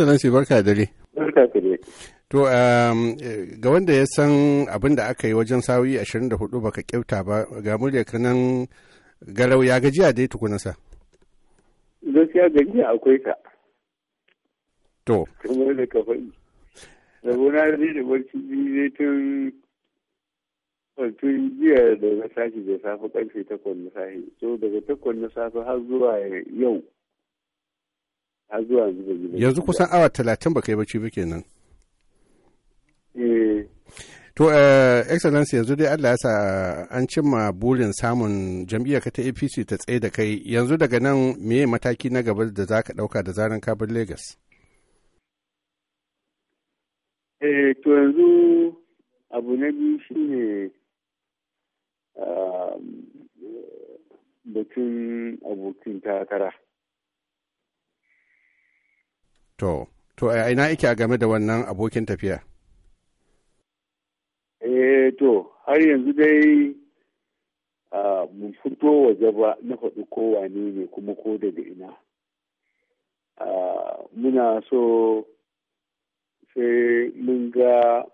Pastor Nancy barka dare barka dare. dai to um, ga wanda ya san abin da aka yi wajen sawi 24 baka kyauta ba ga murya kanan garau ya gajiya dai tukuna sa gaskiya gajiya akwai ka to kamar da ka faɗi rabona zai da barci zai tun tun jiya da na tashi da safe karfe takwas na safe so daga takwas na safe har zuwa yau har zuwa yanzu bai yanzu kusan awa talatin ba kai bacci ba kenan eh to eh, Excellency yanzu dai Allah ya sa eh, an cimma burin samun jam'iyyar ka ta APC ta tsaye da kai yanzu daga nan meye mataki na gaba da zaka dauka da zaran ka bar Lagos eh to yanzu abu na biyu shine ah, batun abokin takara To, to a ina yake a game da wannan abokin tafiya? Eh to, har yanzu dai mun fito waje ba na faɗi kowa ne ne kuma ko daga ina. Muna so sai mun ga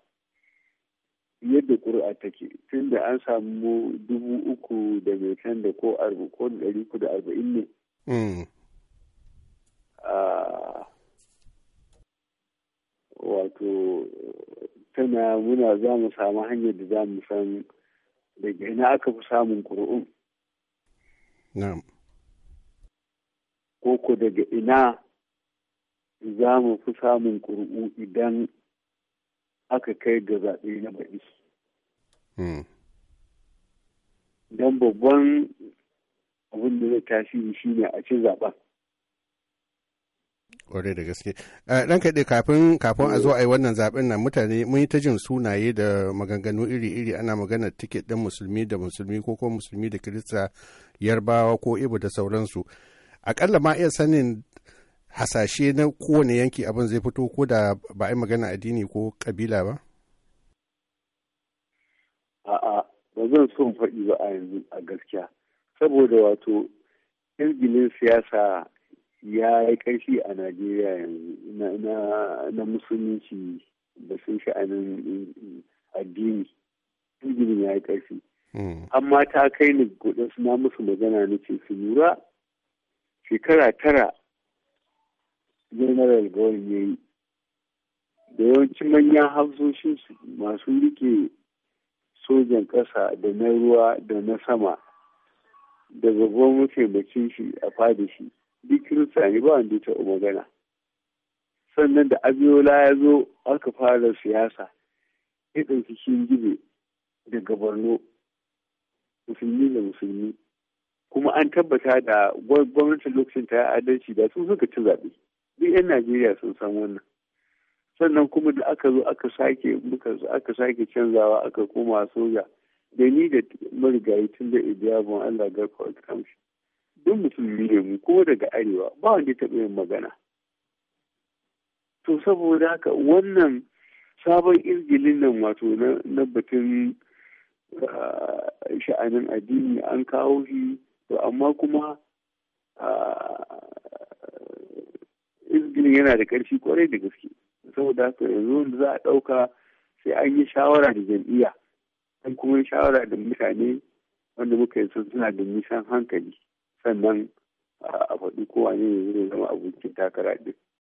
yadda ƙuri'a take tun da an samu dubu uku da mai can da ko arba ko da ɗari da arba'in ne. Mm. wato tana muna za mu samu hanyar da za mu san daga ina aka fi samun ƙuri'un. Na'am. Koko daga ina za mu fi samun ƙuri'u idan aka kai ga zaɓe na baɗi. Hmm. Don babban abin da zai shi shine a ci zaɓen. kwarai da gaske ɗan eh, kaɗe kafin kafin a zo a yi wannan zaɓen nan mutane mun yi ta jin sunaye da maganganu iri-iri ana maganar tiket ɗin musulmi da musulmi ko kuma musulmi da kirista yarbawa ko ibo da sauransu aƙalla ma iya sanin hasashe na kowane yanki abin zai fito ko da ba a yi magana addini ko ƙabila ba a'a ba zan so in faɗi ba a yanzu a gaskiya saboda wato izgilin siyasa ya yi ƙarfi a najeriya yanzu na musulunci da sun sha'anin addini ilimin ya yi ƙarfi hmm. amma ta kai ni gudun suna musu magana na ce su lura shekara tara general gawon ya yi da yawancin manyan hafsoshin masu rike sojan ƙasa da na ruwa da na sama daga gwamnati shi a fadi shi duk kirista ne ba wanda ta magana sannan da abiola ya zo aka fara siyasa ya ɗauki gibe daga borno musulmi da musulmi kuma an tabbata da gwamnatin lokacin ta adalci da sun suka ci zaɓe duk 'yan najeriya sun san wannan sannan kuma da aka zo aka sake aka sake canzawa aka koma soja da ni da marigayi tun da idiyabon allah garkuwa kamshi duk musulmi ne mu ko daga arewa ba wanda ya taɓa yin magana to saboda haka wannan sabon izgilin nan wato na batun ah, sha'anin addini an kawo shi to amma kuma ah, izgilin yana da ƙarfi kwarai da gaske saboda haka yanzu wanda za a ɗauka sai an yi shawara da jam'iyya an kuma yi shawara da mutane wanda muka yi suna da nisan hankali sannan a faɗi kowa ne zai zama abokin takara ɗin